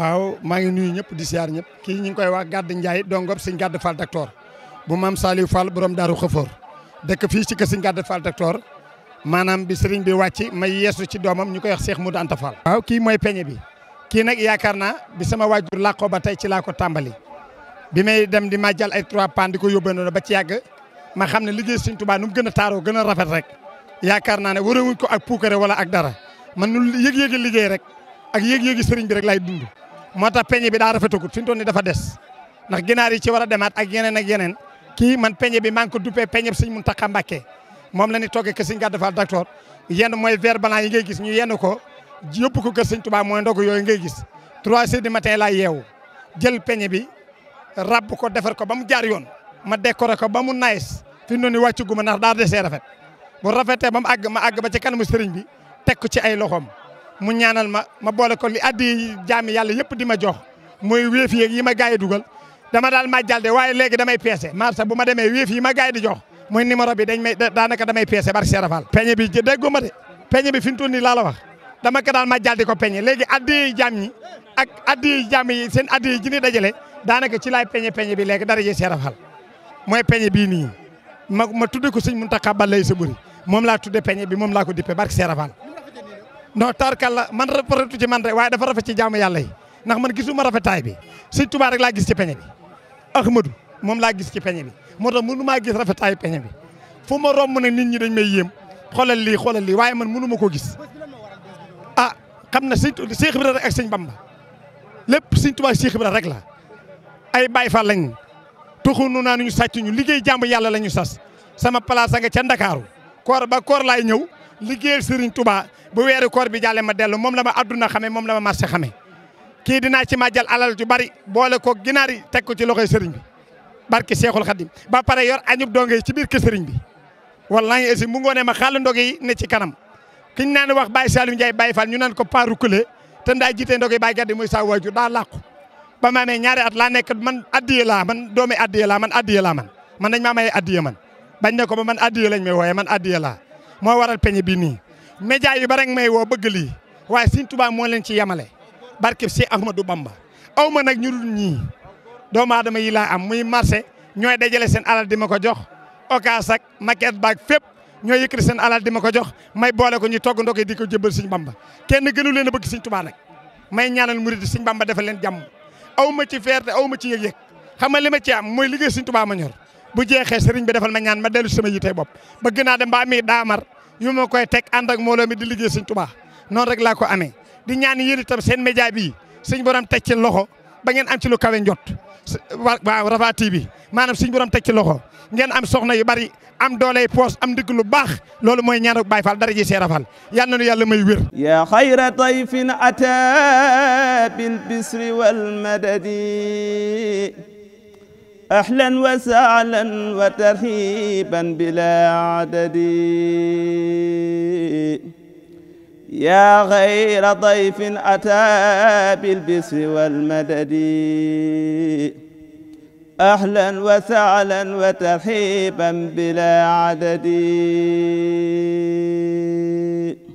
waaw maa ngi nuyu ñëpp di siyaar ñëpp kii ñu ngi koy wax Gadd Ndiaye dongob sëñ Gadd Fall Daktor bu maam Saliou Fall borom daaru xëfoor dëkk fii ci kër sëñ Gadd Fall Daktor maanaam bi sëriñ bi wàcc may yeesu ci doomam ñu koy wax seex Moudou Anta Fall. waaw kii mooy peñe bi kii nag yaakaar naa bi sama waajur làqoo ba tey ci laa ko tàmbali bi may dem di màjjal ay trois pan di ko yóbbandoona ba ci yàgg ma xam ne liggéey sëñ Tuubaa nu mu gën a taaroo gën a rafet rek yaakaar naa ne warawuñ ko ak puukare wala ak dara man nu yëg liggéey rek ak yëg-yëgi sëriñ bi rek laay dund moo tax peñe bi daa rafetagut fi mu toll nii dafa des ndax ginaar yi ci war a demaat ak yeneen ak yeneen kii man peñe bi maa ko duppee peñe sëñ Muntaxa Mbàkke moom la ñu toggee kër sëñ Gàddu Faal docteur yenn mooy verre blanc yi ngay gis ñu yenn ko yóbbu ko kër sëñ Tuubaa mooy ndogu yooyu ngay gis trois heures du matin laa yeew jël peñe bi rab ko defar ko ba mu jaar yoon ma décorer ko ba mu nice fi mu ne nii wàccu gu ma desee rafet bu rafetee ba mu àgg ma àgg ba ci kanamu sëriñ bi teg ko ci ay loxoom mu ñaanal ma ma boole ko li addi jaami yàlla yëpp di ma jox mooy wéef yeeg yi ma gars yi dugal dama daal màjjal de waaye léegi damay peese marsa bu ma demee wéef yi ma gars di jox mooy numéro bi dañ may daanaka damay peese barke Cheikh Rafal peñe bi déggu ma de peñe bi fi mu toll nii laa la wax dama ko daal màjjal di ko peñe léegi addi jaam ñi ak addi jaam yi seen addi ji ni dajale daanaka ci laay peñe peñe bi léegi dara jee Cheikh Rafal mooy peñe bii nii ma ma tudde ko sëñ Muntaxa Balla Saburi moom laa tudde bi moom laa ko dippe barke Cheikh Rafal non tarkal la man rafetu ci man rek waaye dafa rafet ci jaamu yàlla yi ndax man gisuma rafetaay bi sëñ Tuubaa rek laa gis ci peñe bi Ahmadou moom laa gis ci peñe bi moo tax mënu maa gis rafetaay peñe bi fu ma romb nag nit ñi dañ may yéem xoolal lii xoolal lii waaye man mënu ma koo gis a ah, xam na sëñ Cheikh Ibra rek ak sëñ Bamba lépp sëñ Tuubaa Cheikh Ibra rek la ay Baay fa lañ tuxunu naa nuñu sàcc ñu liggéey jàmb yàlla la ñu sas sama place nga ca Ndakaaru koor ba koor laay ñëw liggéey Serigne Touba bu weeru koor bi jàlle ma dellu moom la ma adduna xame moom la ma marché xame kii dinaa ci màjjal alal ju bari boole ko ginaar yi teg ko ci loxoy Serigne bi barki Seexul Xadim ba pare yor añub donge yi ci biir kër Serigne bi wallahi esi mu ngoonee ma xaal ndog yi ne ci kanam kiñ naan wax Baye Saliou Ndiaye Baye Fall ñu naan ko pas reculer te daa jiite ndog yi Baye Gaddi muy sa waajur daa làqu ba ma ñaari at laa nekk man addiye laa man doomi addiye laa man addiye man man dañ maa may addiye man bañ ne ko ba man addiye lañ may wooye man addiye moo waral peñe bii nii média yi ba may woo bëgg lii waaye Sëñ tubaam moo leen ci yemale barkeb si du Bamba aw ma nag ñu dul ñii doomu aadama yi laa am muy marché ñooy dajale seen alal di ma ko jox occas ak maquette baag fépp ñoo yëkkati seen alal di ma ko jox may boole ko ñu togg ndokkee di ko jëbal Sëñ Bamba kenn gënu leen a bëgg Sëñ Tuubaa nag may ñaanal murid Sëñ Bamba defal leen jàmm aw ma ci fierté aw ma ci yëg-yëg xam nga li ma ci am mooy liggéey Sëñ ma ñor bu jeexee sëriñ bi defal ma ñaan ma dellu sama yitey bopp bëgg naa dem ba amee daamar yu ma koy teg ànd ak mbooloo mi di liggéey sëñ Tuubaa noonu rek laa ko amee di ñaan yéen itam seen média bi sëñ borom teg ci loxo ba ngeen am ci lu kawe njot waaw Rafah TV maanaam sëñ borom teg ci loxo ngeen am soxna yu bari am dooley poos am ndigg lu baax loolu mooy ñaanu Baay Faal dara ji see rafal yal na nu yàlla may wér ya xayra tayfin ata bil bisri wal ahlan wa sahlan wa tarhiban bila adadi ya ghayra dayfin ata bil bisri wal madadi ahlan wa sahlan wa tarhiban bila adadi